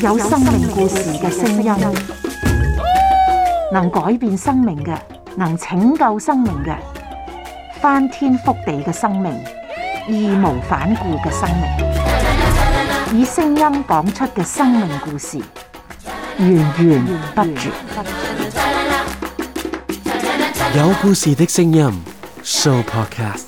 有生命故事嘅聲音，能改變生命嘅，能拯救生命嘅，翻天覆地嘅生命，義無反顧嘅生命，以聲音講出嘅生命故事，源源不絕。有故事嘅聲音，Show Podcast。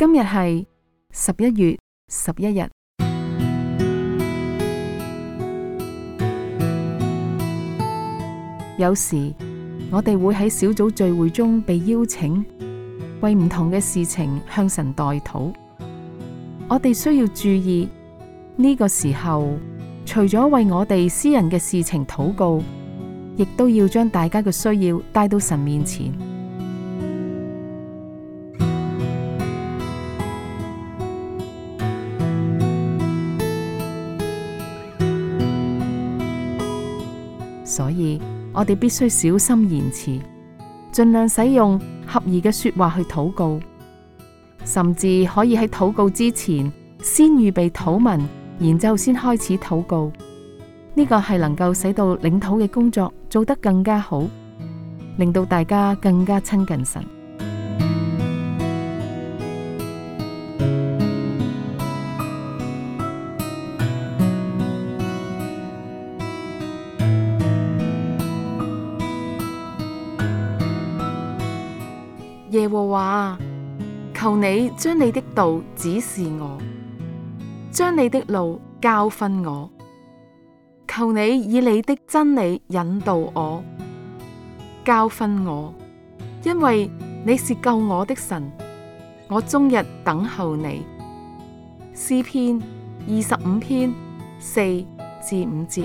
今日係十一月十一日。有時我哋會喺小組聚會中被邀請，為唔同嘅事情向神代禱。我哋需要注意，呢個時候，除咗為我哋私人嘅事情禱告，亦都要將大家嘅需要帶到神面前。所以我哋必須小心言辭，盡量使用合宜嘅說話去禱告，甚至可以喺禱告之前先預備禱文，然之後先開始禱告。呢個係能夠使到領禱嘅工作做得更加好，令到大家更加親近神。耶和華求你將你的道指示我，將你的路教訓我。求你以你的真理引導我，教訓我，因為你是救我的神，我終日等候你。詩篇二十五篇四至五節。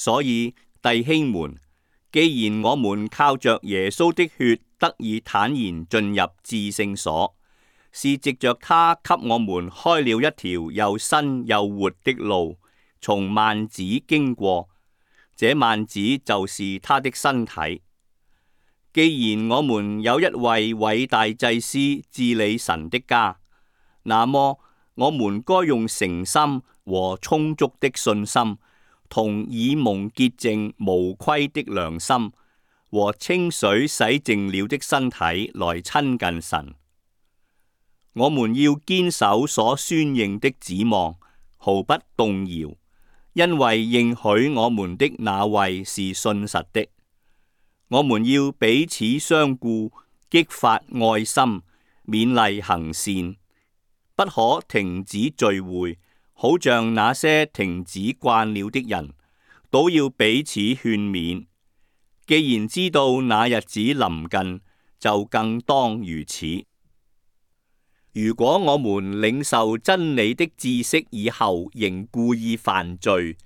所以弟兄們，既然我們靠着耶穌的血得以坦然進入至聖所，是藉着他給我們開了一條又新又活的路，從幔子經過。這幔子就是他的身體。既然我們有一位偉大祭司治理神的家，那麼我們該用誠心和充足的信心。同以蒙潔淨無虧的良心和清水洗淨了的身體來親近神。我們要堅守所宣認的指望，毫不動搖，因為應許我們的那位是信實的。我們要彼此相顧，激發愛心，勉勵行善，不可停止聚會。好像那些停止慣了的人，都要彼此勸勉。既然知道那日子臨近，就更當如此。如果我們領受真理的知識以後，仍故意犯罪，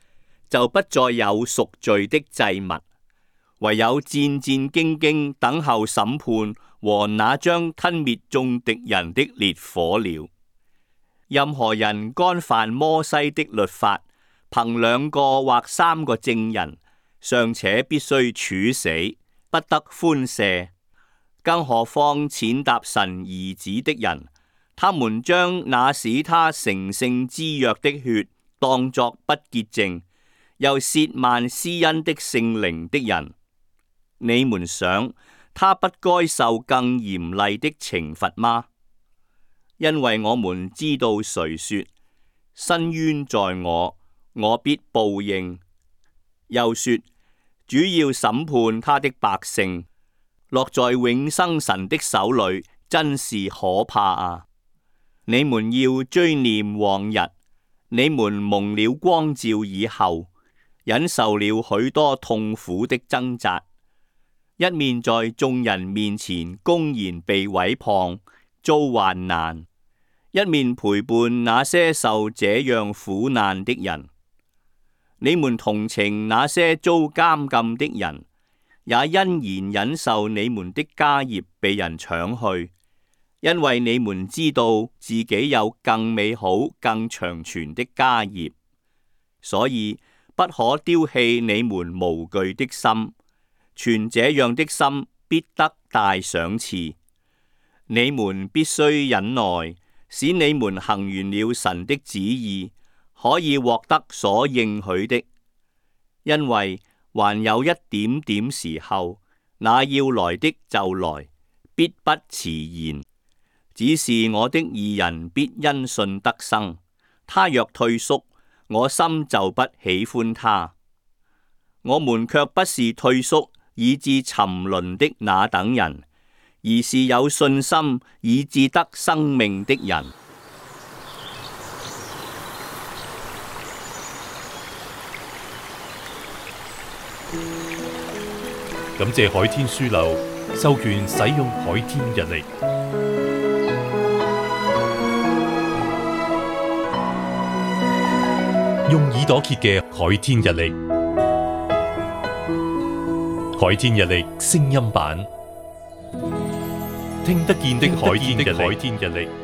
就不再有贖罪的祭物，唯有戰戰兢兢等候審判和那將吞滅眾敵人的烈火了。任何人干犯摩西的律法，憑兩個或三個證人，尚且必須處死，不得寬赦。更何況踐踏神兒子的人，他們將那使他成聖之約的血當作不潔淨，又褻慢施恩的聖靈的人，你們想他不該受更嚴厲的懲罰嗎？因為我們知道誰說伸冤在我，我必報應。又說，主要審判他的百姓。落在永生神的手裡，真是可怕啊！你們要追念往日，你們蒙了光照以後，忍受了許多痛苦的掙扎，一面在眾人面前公然被毀謗，遭患難。一面陪伴那些受這樣苦難的人，你們同情那些遭監禁的人，也欣然忍受你們的家業被人搶去，因為你們知道自己有更美好、更長存的家業，所以不可丟棄你們無懼的心。存這樣的心，必得大賞賜。你們必須忍耐。使你們行完了神的旨意，可以獲得所應許的。因為還有一點點時候，那要來的就來，必不遲延。只是我的義人必因信得生，他若退縮，我心就不喜歡他。我們卻不是退縮以致沉淪的那等人。而是有信心以至得生命的人。感謝海天書樓授權使用海天日曆，用耳朵揭嘅海天日曆，海天日曆聲音版。聽得見的海天日曆。